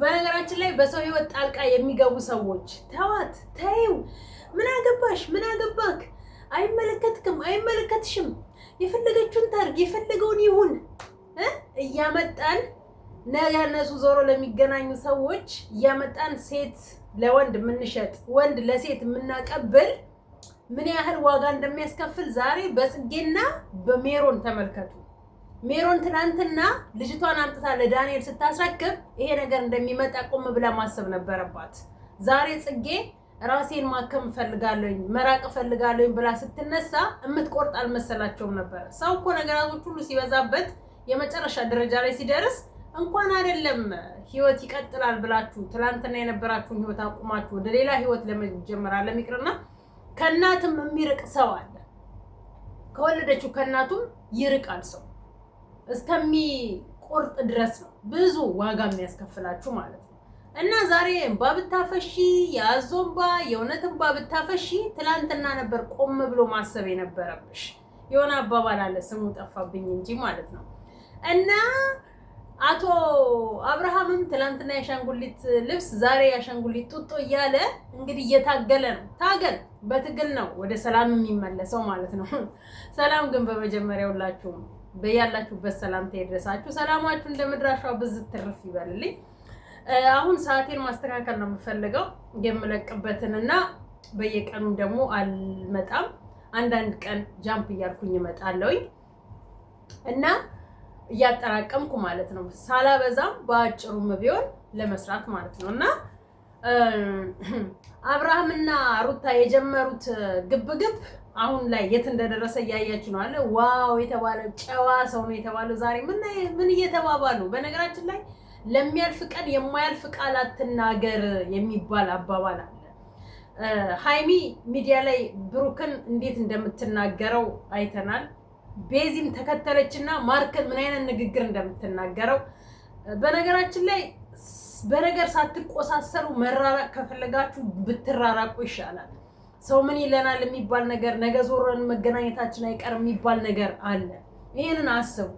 በነገራችን ላይ በሰው ህይወት ጣልቃ የሚገቡ ሰዎች ተዋት፣ ተይው፣ ምን አገባሽ፣ ምን አገባክ፣ አይመለከትክም፣ አይመለከትሽም፣ የፈለገችውን ታርግ፣ የፈለገውን ይሁን እያመጣን ነገ እነሱ ዞሮ ለሚገናኙ ሰዎች እያመጣን ሴት ለወንድ የምንሸጥ ወንድ ለሴት የምናቀብል ምን ያህል ዋጋ እንደሚያስከፍል ዛሬ በጽጌና በሜሮን ተመልከቱ። ሜሮን ትናንትና ልጅቷን አምጥታ ለዳንኤል ስታስረክብ ይሄ ነገር እንደሚመጣ ቁም ብላ ማሰብ ነበረባት። ዛሬ ጽጌ ራሴን ማከም እፈልጋለሁኝ መራቅ እፈልጋለሁኝ ብላ ስትነሳ እምትቆርጥ አልመሰላቸውም ነበር። ሰው እኮ ነገራቶች ሁሉ ሲበዛበት የመጨረሻ ደረጃ ላይ ሲደርስ እንኳን አይደለም ህይወት ይቀጥላል ብላችሁ ትናንትና የነበራችሁን ህይወት አቁማችሁ ወደ ሌላ ህይወት ለመጀመር አለሚቅርና ከእናትም የሚርቅ ሰው አለ። ከወለደችው ከእናቱም ይርቃል ሰው እስከሚቆርጥ ድረስ ነው ብዙ ዋጋ የሚያስከፍላችሁ ማለት ነው። እና ዛሬ እንባ ብታፈሺ የአዞ እንባ የእውነት እንባ ብታፈሺ፣ ትላንትና ነበር ቆም ብሎ ማሰብ የነበረብሽ። የሆነ አባባል አለ ስሙ ጠፋብኝ እንጂ ማለት ነው። እና አቶ አብርሃምም ትላንትና የአሻንጉሊት ልብስ ዛሬ የአሻንጉሊት ጡጦ እያለ እንግዲህ እየታገለ ነው። ታገል፣ በትግል ነው ወደ ሰላም የሚመለሰው ማለት ነው። ሰላም ግን በመጀመሪያ ሁላችሁም በያላችሁበት ሰላምታ ይድረሳችሁ። ሰላማችሁ እንደ ምድራሿ ብዝ ትርፍ ይበልልኝ። አሁን ሰዓቴን ማስተካከል ነው የምፈልገው የምለቅበትን እና በየቀኑ ደግሞ አልመጣም። አንዳንድ ቀን ጃምፕ እያልኩኝ እመጣለሁኝ እና እያጠራቀምኩ ማለት ነው። ሳላበዛም በአጭሩም ቢሆን ለመስራት ማለት ነው እና አብርሃምና ሩታ የጀመሩት ግብግብ አሁን ላይ የት እንደደረሰ እያያችሁ ነው። አለ ዋው የተባለው ጨዋ ሰው ነው የተባለው ዛሬ ምን እየተባባሉ። በነገራችን ላይ ለሚያልፍ ቀን የማያልፍ ቃል አትናገር የሚባል አባባል አለ። ሀይሚ ሚዲያ ላይ ብሩክን እንዴት እንደምትናገረው አይተናል። ቤዚም ተከተለችና ማርክን ምን አይነት ንግግር እንደምትናገረው በነገራችን ላይ በነገር ሳትቆሳሰሩ መራራቅ ከፈለጋችሁ ብትራራቁ ይሻላል። ሰው ምን ይለናል የሚባል ነገር ነገ ዞረን መገናኘታችን አይቀርም የሚባል ነገር አለ። ይህንን አስቡ።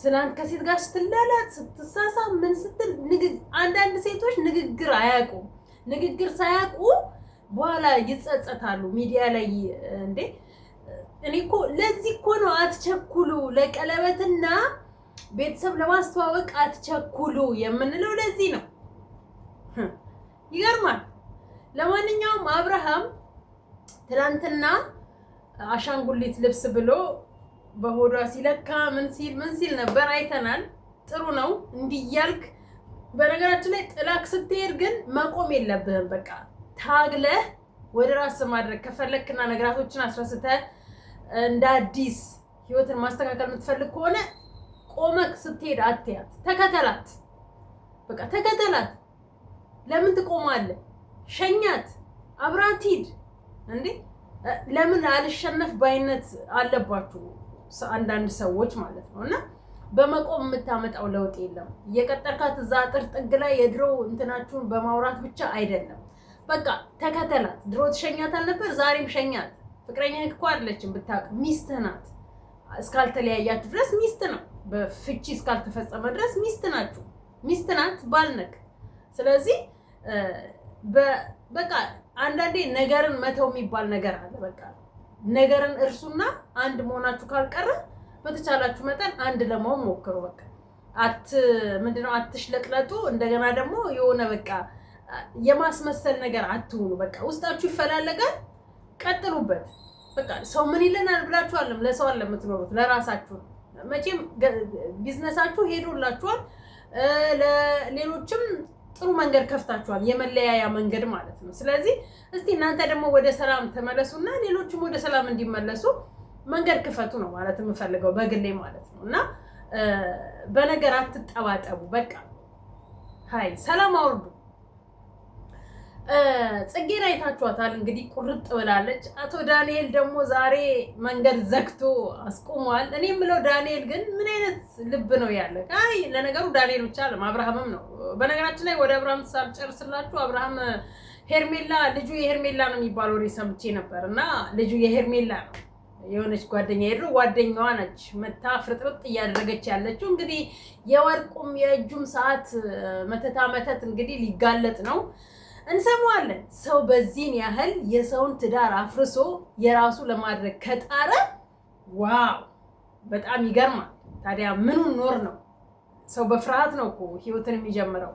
ስላን ከሴት ጋር ስትላላት ስትሳሳ ምን ስትል አንዳንድ ሴቶች ንግግር አያውቁም። ንግግር ሳያውቁ በኋላ ይጸጸታሉ። ሚዲያ ላይ እንዴ እኔ እኮ ለዚህ እኮ ነው አትቸኩሉ ለቀለበትና ቤተሰብ ለማስተዋወቅ አትቸኩሉ የምንለው ለዚህ ነው። ይገርማል። ለማንኛውም አብርሃም ትናንትና አሻንጉሊት ልብስ ብሎ በሆዷ ሲለካ ምን ሲል ምን ሲል ነበር አይተናል። ጥሩ ነው እንዲያልክ። በነገራችን ላይ ጥላክ ስትሄድ ግን መቆም የለብህም። በቃ ታግለህ ወደ ራስ ማድረግ ከፈለክና ነገራቶችን አስረስተህ እንደ አዲስ ህይወትን ማስተካከል የምትፈልግ ከሆነ ቆመቅ ስትሄድ አትያት፣ ተከተላት። በቃ ተከተላት። ለምን ትቆማለህ? ሸኛት፣ አብራት ሂድ። እንዴ ለምን አልሸነፍ ባይነት አለባችሁ አንዳንድ ሰዎች ማለት ነው። እና በመቆም የምታመጣው ለውጥ የለም። እየቀጠርካት እዛ አጥር ጥግ ላይ የድሮ እንትናችሁን በማውራት ብቻ አይደለም። በቃ ተከተላት። ድሮ ትሸኛት አልነበር? ዛሬም ሸኛት። ፍቅረኛ እኮ አይደለችም ብታውቅ፣ ሚስትህ ናት። እስካልተለያያችሁ ድረስ ሚስት ነው። በፍቺ እስካልተፈጸመ ድረስ ሚስት ናችሁ። ሚስት ናት ባልነክ። ስለዚህ በቃ አንዳንዴ ነገርን መተው የሚባል ነገር አለ። በቃ ነገርን እርሱና አንድ መሆናችሁ ካልቀረ በተቻላችሁ መጠን አንድ ለመሆን ሞክሩ። በቃ አት ምንድነው አትሽለቅለጡ። እንደገና ደግሞ የሆነ በቃ የማስመሰል ነገር አትሆኑ በቃ ውስጣችሁ ይፈላለጋል፣ ቀጥሉበት። በቃ ሰው ምን ይለናል ብላችሁ አለም ለሰው አለም የምትኖሩት ለራሳችሁ መቼም ቢዝነሳችሁ ሄዶላችኋል። ለሌሎችም ጥሩ መንገድ ከፍታችኋል፣ የመለያያ መንገድ ማለት ነው። ስለዚህ እስቲ እናንተ ደግሞ ወደ ሰላም ተመለሱና ሌሎችም ወደ ሰላም እንዲመለሱ መንገድ ክፈቱ ነው ማለት የምፈልገው በግሌ ማለት ነው። እና በነገር አትጠባጠቡ። በቃ ሀይ ሰላም አውርዱ። ጽጌን አይታችኋታል እንግዲህ ቁርጥ ብላለች። አቶ ዳንኤል ደግሞ ዛሬ መንገድ ዘግቶ አስቆሟል። እኔ የምለው ዳንኤል ግን ምን አይነት ልብ ነው ያለ? አይ ለነገሩ ዳንኤል ብቻ አለም አብርሃምም ነው። በነገራችን ላይ ወደ አብርሃም ሳልጨርስላችሁ አብርሃም ሄርሜላ ልጁ የሄርሜላ ነው የሚባለው ወሬ ሰምቼ ነበር እና ልጁ የሄርሜላ ነው የሆነች ጓደኛ የድሮ ጓደኛዋ ነች መታ ፍርጥርጥ እያደረገች ያለችው እንግዲህ የወርቁም የእጁም ሰዓት መተታ መተት እንግዲህ ሊጋለጥ ነው እንሰማዋለን። ሰው በዚህን ያህል የሰውን ትዳር አፍርሶ የራሱ ለማድረግ ከጣረ ዋው በጣም ይገርማል። ታዲያ ምኑን ኖር ነው? ሰው በፍርሃት ነው እኮ ህይወትን የሚጀምረው።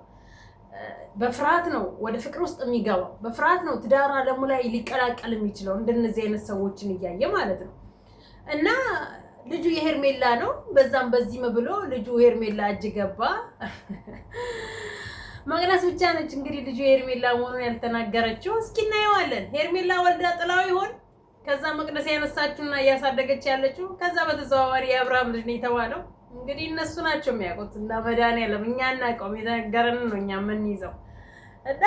በፍርሃት ነው ወደ ፍቅር ውስጥ የሚገባው። በፍርሃት ነው ትዳር አለሙ ላይ ሊቀላቀል የሚችለው እንደነዚህ አይነት ሰዎችን እያየ ማለት ነው። እና ልጁ የሄርሜላ ነው። በዛም በዚህም ብሎ ልጁ ሄርሜላ እጅ ገባ። መቅደስ ብቻ ነች እንግዲህ ልጁ ሄርሜላ መሆኑን ያልተናገረችው። እስኪ እናየዋለን። ሄርሜላ ወልዳ ጥላው ይሆን? ከዛ መቅደስ ያነሳችውና እያሳደገች ያለችው ከዛ በተዘዋዋሪ የአብርሃም ልጅ ነው የተባለው። እንግዲህ እነሱ ናቸው የሚያውቁት እና መድኃኒዓለም እኛ እናውቀውም፣ የተነገረንን ነው እኛ የምንይዘው እና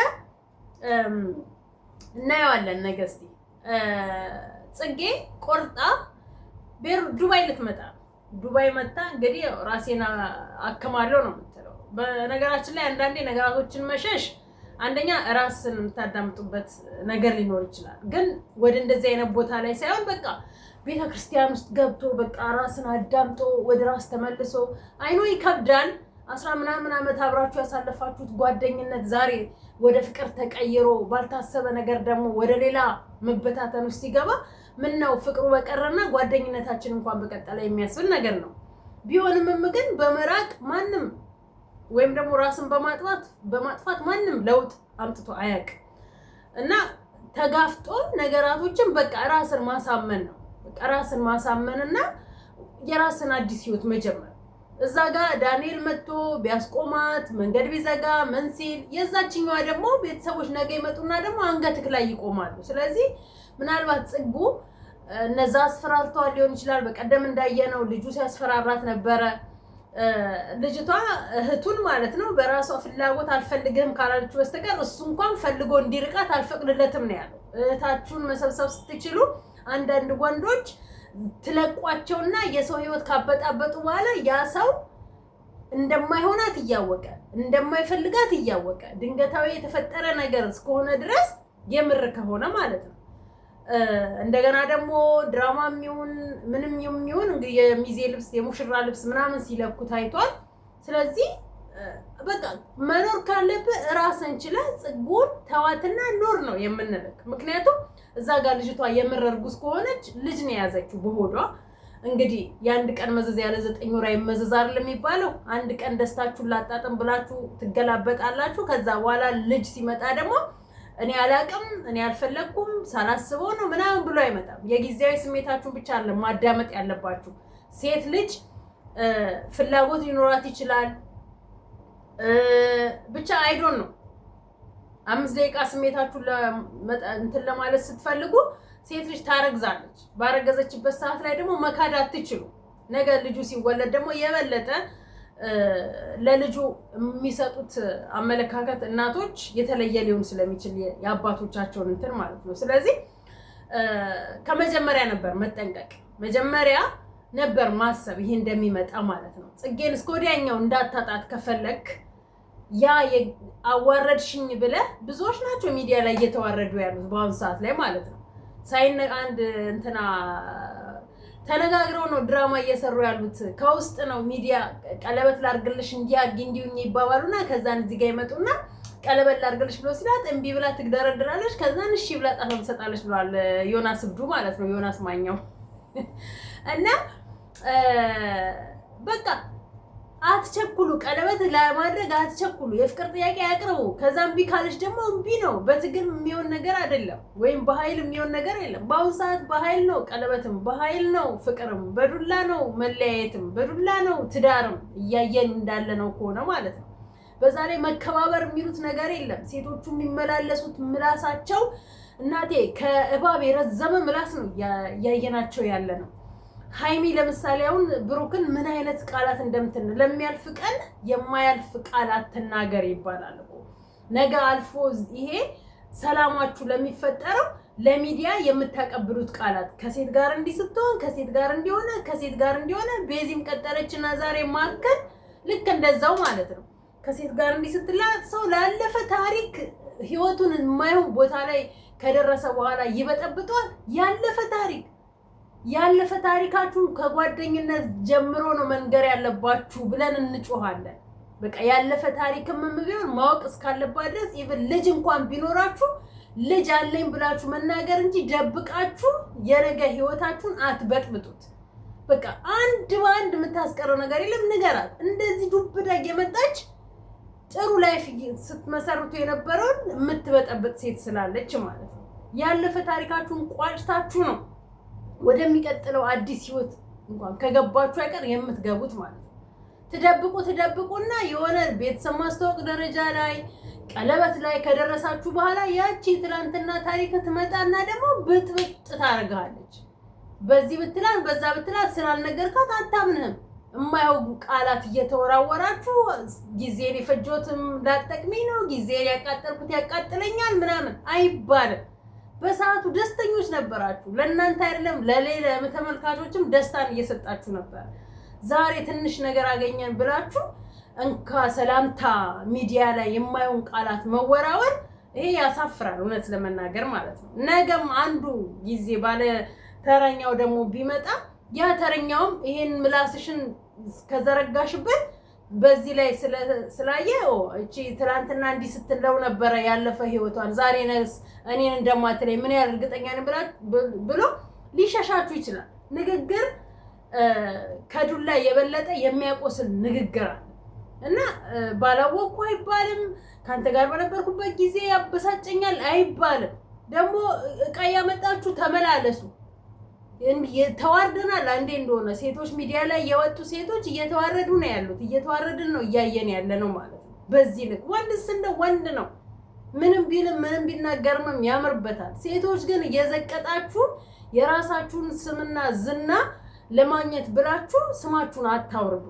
እናየዋለን። ነገ እስኪ ጽጌ ቆርጣ ዱባይ ልትመጣ ዱባይ መታ እንግዲህ ራሴን አክማለሁ ነው የምትለው በነገራችን ላይ አንዳንዴ ነገራቶችን መሸሽ አንደኛ ራስን የምታዳምጡበት ነገር ሊኖር ይችላል። ግን ወደ እንደዚህ አይነት ቦታ ላይ ሳይሆን በቃ ቤተ ክርስቲያን ውስጥ ገብቶ በቃ ራስን አዳምጦ ወደ ራስ ተመልሶ አይኖ ይከብዳል። አስራ ምናምን ዓመት አብራችሁ ያሳለፋችሁት ጓደኝነት ዛሬ ወደ ፍቅር ተቀይሮ ባልታሰበ ነገር ደግሞ ወደ ሌላ መበታተን ውስጥ ሲገባ ምን ነው ፍቅሩ በቀረና ጓደኝነታችን እንኳን በቀጠለ የሚያስብል ነገር ነው። ቢሆንም ግን በመራቅ ማንም ወይም ደግሞ ራስን በማጥፋት በማጥፋት ማንም ለውጥ አምጥቶ አያቅ እና ተጋፍጦ ነገራቶችን በቃ ራስን ማሳመን ነው። በቃ ራስን ማሳመን እና የራስን አዲስ ህይወት መጀመር። እዛ ጋር ዳንኤል መጥቶ ቢያስቆማት መንገድ ቢዘጋ ምን ሲል የዛችኛዋ ደግሞ ቤተሰቦች ነገ ይመጡና ደግሞ አንገትክ ላይ ይቆማሉ። ስለዚህ ምናልባት ጽጉ እነዛ አስፈራርተዋል ሊሆን ይችላል። በቀደም እንዳየነው ልጁ ሲያስፈራራት ነበረ። ልጅቷ እህቱን ማለት ነው በራሷ ፍላጎት አልፈልግህም ካላለች በስተቀር እሱ እንኳን ፈልጎ እንዲርቃት አልፈቅድለትም ነው ያለው። እህታችሁን መሰብሰብ ስትችሉ አንዳንድ ወንዶች ትለቋቸውና የሰው ህይወት ካበጣበጡ በኋላ ያ ሰው እንደማይሆናት እያወቀ እንደማይፈልጋት እያወቀ ድንገታዊ የተፈጠረ ነገር እስከሆነ ድረስ የምር ከሆነ ማለት ነው እንደገና ደግሞ ድራማ የሚሆን ምንም የሚሆን እንግዲህ የሚዜ ልብስ የሙሽራ ልብስ ምናምን ሲለኩ ታይቷል። ስለዚህ በቃ መኖር ካለብህ እራስን ችለህ ጽጉን ተዋትና ኖር ነው የምንልክ። ምክንያቱም እዛ ጋር ልጅቷ የምር እርጉዝ ከሆነች ልጅ ነው የያዘችው በሆዷ። እንግዲህ የአንድ ቀን መዘዝ ያለ ዘጠኝ ወር አይመዘዝ አይደል የሚባለው? አንድ ቀን ደስታችሁን ላጣጥም ብላችሁ ትገላበጣላችሁ። ከዛ በኋላ ልጅ ሲመጣ ደግሞ እኔ አላቅም እኔ አልፈለግኩም ሳላስበው ነው ምናምን ብሎ አይመጣም። የጊዜያዊ ስሜታችሁን ብቻ አለ ማዳመጥ ያለባችሁ። ሴት ልጅ ፍላጎት ሊኖራት ይችላል። ብቻ አይዶን ነው አምስት ደቂቃ ስሜታችሁን እንትን ለማለት ስትፈልጉ ሴት ልጅ ታረግዛለች። ባረገዘችበት ሰዓት ላይ ደግሞ መካድ አትችሉ። ነገ ልጁ ሲወለድ ደግሞ የበለጠ ለልጁ የሚሰጡት አመለካከት እናቶች የተለየ ሊሆን ስለሚችል የአባቶቻቸውን እንትን ማለት ነው። ስለዚህ ከመጀመሪያ ነበር መጠንቀቅ፣ መጀመሪያ ነበር ማሰብ ይሄ እንደሚመጣ ማለት ነው። ጽጌን እስከ ወዲያኛው እንዳታጣት ከፈለግ ያ አዋረድሽኝ ብለህ ብዙዎች ናቸው ሚዲያ ላይ እየተዋረዱ ያሉት በአሁኑ ሰዓት ላይ ማለት ነው። ሳይነ አንድ እንትና ተነጋግረው ነው ድራማ እየሰሩ ያሉት። ከውስጥ ነው ሚዲያ ቀለበት ላርግልሽ እንዲህ አድርጊ እንዲሁኝ ይባባሉና ከዛን እዚህ ጋር ይመጡና ቀለበት ላርግልሽ ብሎ ሲላት እምቢ ብላ ትግደረድራለች። ከዛን እሺ ብላ ጣፋ ትሰጣለች ብሏል ዮናስ እብዱ ማለት ነው ዮናስ ማኛው እና በቃ አትቸኩሉ። ቀለበት ለማድረግ አትቸኩሉ። የፍቅር ጥያቄ ያቅርቡ። ከዛ እምቢ ካለች ደግሞ እምቢ ነው። በትግል የሚሆን ነገር አይደለም፣ ወይም በኃይል የሚሆን ነገር የለም። በአሁኑ ሰዓት በኃይል ነው፣ ቀለበትም በኃይል ነው፣ ፍቅርም በዱላ ነው፣ መለያየትም በዱላ ነው፣ ትዳርም እያየን እንዳለ ነው ከሆነ ማለት ነው። በዛ ላይ መከባበር የሚሉት ነገር የለም። ሴቶቹ የሚመላለሱት ምላሳቸው እናቴ ከእባብ የረዘመ ምላስ ነው እያየናቸው ያለ ነው። ሀይሚ ለምሳሌ አሁን ብሩክን ምን አይነት ቃላት እንደምትን ለሚያልፍ ቀን የማያልፍ ቃላት ትናገር ይባላል እኮ ነገ አልፎ ይሄ ሰላማችሁ ለሚፈጠረው ለሚዲያ የምታቀብሉት ቃላት ከሴት ጋር እንዲህ ስትሆን ከሴት ጋር እንዲሆነ ከሴት ጋር እንዲሆነ ቤዚም ቀጠለች እና ዛሬ ማርከን ልክ እንደዛው ማለት ነው። ከሴት ጋር እንዲህ ስትላ ሰው ላለፈ ታሪክ ህይወቱን የማይሆን ቦታ ላይ ከደረሰ በኋላ ይበጠብጧል። ያለፈ ታሪክ ያለፈ ታሪካችሁ ከጓደኝነት ጀምሮ ነው መንገር ያለባችሁ ብለን እንጮሃለን። በቃ ያለፈ ታሪክም ቢሆን ማወቅ እስካለባት ድረስ ኢቭን ልጅ እንኳን ቢኖራችሁ ልጅ አለኝ ብላችሁ መናገር እንጂ ደብቃችሁ የነገ ህይወታችሁን አትበጥብጡት። በቃ አንድ በአንድ የምታስቀረው ነገር የለም። ንገራት። እንደዚህ ዱብ እዳ የመጣች ጥሩ ላይፍ ስትመሰርቱ የነበረውን የምትበጠብጥ ሴት ስላለች ማለት ነው። ያለፈ ታሪካችሁን ቋጭታችሁ ነው ወደሚቀጥለው አዲስ ህይወት እንኳን ከገባችሁ አይቀር የምትገቡት ማለት ነው። ትደብቁ ትደብቁና የሆነ ቤተሰብ ማስተዋወቅ ደረጃ ላይ ቀለበት ላይ ከደረሳችሁ በኋላ ያቺ ትላንትና ታሪክ ትመጣና ደግሞ ብጥብጥ ታደርግሃለች። በዚህ ብትላት በዛ ብትላት ስላልነገርካት አታምንህም። የማያውቁ ቃላት እየተወራወራችሁ ጊዜን የፈጆትም ላጠቅሜ ነው ጊዜን ያቃጠልኩት ያቃጥለኛል ምናምን አይባልም። በሰዓቱ ደስተኞች ነበራችሁ። ለእናንተ አይደለም ለሌላ ተመልካቾችም ደስታን እየሰጣችሁ ነበር። ዛሬ ትንሽ ነገር አገኘን ብላችሁ እንካ ሰላምታ ሚዲያ ላይ የማይሆን ቃላት መወራወር ይሄ ያሳፍራል፣ እውነት ለመናገር ማለት ነው። ነገም አንዱ ጊዜ ባለ ተረኛው ደግሞ ቢመጣ ያ ተረኛውም ይሄን ምላስሽን ከዘረጋሽበት በዚህ ላይ ስላየ እቺ ትናንትና እንዲህ ስትለው ነበረ ያለፈ ህይወቷን ዛሬ ነስ እኔን እንደማትለኝ ምን ያህል እርግጠኛ ብሎ ሊሸሻችሁ ይችላል። ንግግር ከዱላ የበለጠ የሚያቆስል ንግግር አለ እና ባላወቅኩ አይባልም። ከአንተ ጋር በነበርኩበት ጊዜ ያበሳጨኛል አይባልም። ደግሞ እቃ ያመጣችሁ ተመላለሱ ተዋርደናል። አንዴ እንደሆነ ሴቶች ሚዲያ ላይ የወጡ ሴቶች እየተዋረዱ ነው ያሉት፣ እየተዋረድን ነው እያየን ያለ ነው ማለት ነው። በዚህ ልክ ወንድ ስለ ወንድ ነው። ምንም ቢልም ምንም ቢናገርምም ያምርበታል። ሴቶች ግን እየዘቀጣችሁ የራሳችሁን ስምና ዝና ለማግኘት ብላችሁ ስማችሁን አታውርዱ።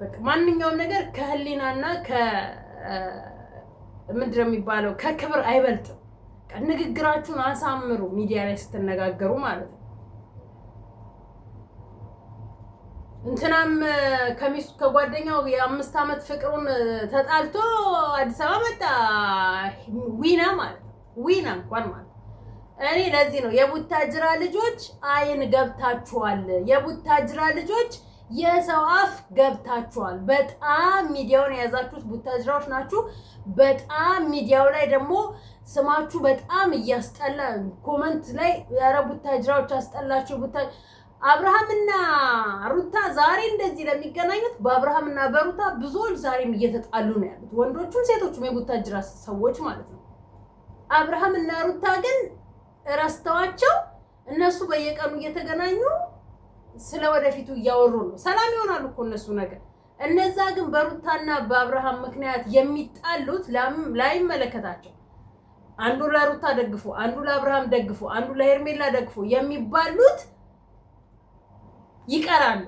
በቃ ማንኛውም ነገር ከህሊናና ከምንድን ነው የሚባለው ከክብር አይበልጥም። ንግግራችሁን አሳምሩ ሚዲያ ላይ ስትነጋገሩ ማለት ነው። እንትናም ከሚስቱ ከጓደኛው የአምስት ዓመት ፍቅሩን ተጣልቶ አዲስ አበባ መጣ። ዊና ማለት ዊና እንኳን ማለት እኔ ለዚህ ነው የቡታጅራ ልጆች አይን ገብታችኋል፣ የቡታጅራ ልጆች የሰው አፍ ገብታችኋል። በጣም ሚዲያውን የያዛችሁት ቡታጅራዎች ናችሁ። በጣም ሚዲያው ላይ ደግሞ ስማችሁ በጣም እያስጠላ ኮመንት ላይ ኧረ ቡታጅራዎች አስጠላችሁ ቡታ አብርሃምና ሩታ ዛሬ እንደዚህ ለሚገናኙት በአብርሃምና በሩታ ብዙዎች ዛሬም እየተጣሉ ነው ያሉት፣ ወንዶቹም ሴቶቹም የቡታጅራ ሰዎች ማለት ነው። አብርሃምና ሩታ ግን እረስተዋቸው እነሱ በየቀኑ እየተገናኙ ስለ ወደፊቱ እያወሩ ነው። ሰላም ይሆናሉ እኮ እነሱ ነገር። እነዛ ግን በሩታና በአብርሃም ምክንያት የሚጣሉት ላይመለከታቸው አንዱ ለሩታ ደግፎ፣ አንዱ ለአብርሃም ደግፎ፣ አንዱ ለሄርሜላ ደግፎ የሚባሉት ይቀራሉ።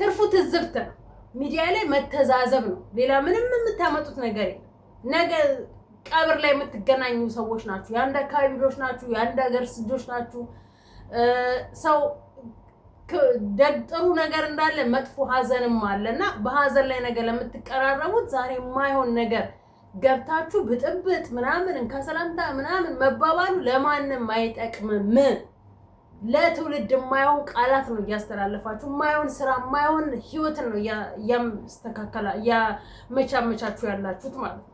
ትርፉ ትዝብት ነው። ሚዲያ ላይ መተዛዘብ ነው። ሌላ ምንም የምታመጡት ነገር ነገ ቀብር ላይ የምትገናኙ ሰዎች ናችሁ። የአንድ አካባቢ ልጆች ናችሁ። የአንድ ሀገር ልጆች ናችሁ። ሰው ጥሩ ነገር እንዳለ መጥፎ ሀዘንም አለ እና በሀዘን ላይ ነገር ለምትቀራረቡት ዛሬ የማይሆን ነገር ገብታችሁ ብጥብጥ ምናምን ከሰላምታ ምናምን መባባሉ ለማንም አይጠቅምም። ለትውልድ የማይሆን ቃላት ነው እያስተላለፋችሁ፣ የማይሆን ስራ፣ የማይሆን ህይወትን ነው እያስተካከላ እያመቻመቻችሁ ያላችሁት ማለት ነው።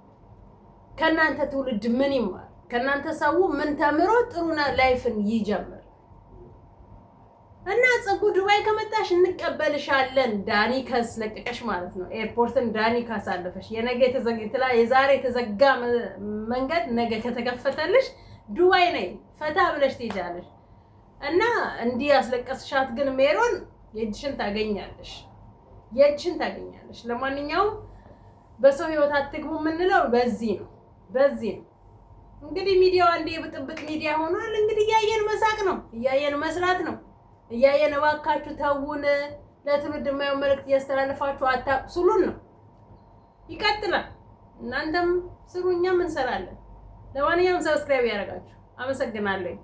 ከእናንተ ትውልድ ምን ይማል? ከእናንተ ሰው ምን ተምሮ ጥሩ ላይፍን ይጀምር? እና ፀጉ ዱባይ ከመጣሽ እንቀበልሻለን፣ ዳኒ ካስለቀቀሽ ማለት ነው። ኤርፖርትን ዳኒ ካሳለፈሽ የነገ የዛሬ የተዘጋ መንገድ ነገ ከተከፈተልሽ ዱባይ ነይ፣ ፈታ ብለሽ ትሄጃለሽ። እና እንዲህ ያስለቀስሻት ግን ሜሮን የእጅሽን ታገኛለሽ፣ የእጅሽን ታገኛለሽ። ለማንኛውም በሰው ህይወት አትግቡ የምንለው በዚህ ነው፣ በዚህ ነው። እንግዲህ ሚዲያው አንዴ የብጥብጥ ሚዲያ ሆኗል። እንግዲህ እያየን መሳቅ ነው፣ እያየን መስራት ነው፣ እያየን እባካችሁ ተውን፣ ለትውልድ የማይሆን መልእክት እያስተላለፋችሁ አታቁስሉን ነው። ይቀጥላል። እናንተም ስሩ፣ እኛም እንሰራለን። ለማንኛውም ሰብስክራይብ ያደርጋችሁ አመሰግናለሁ።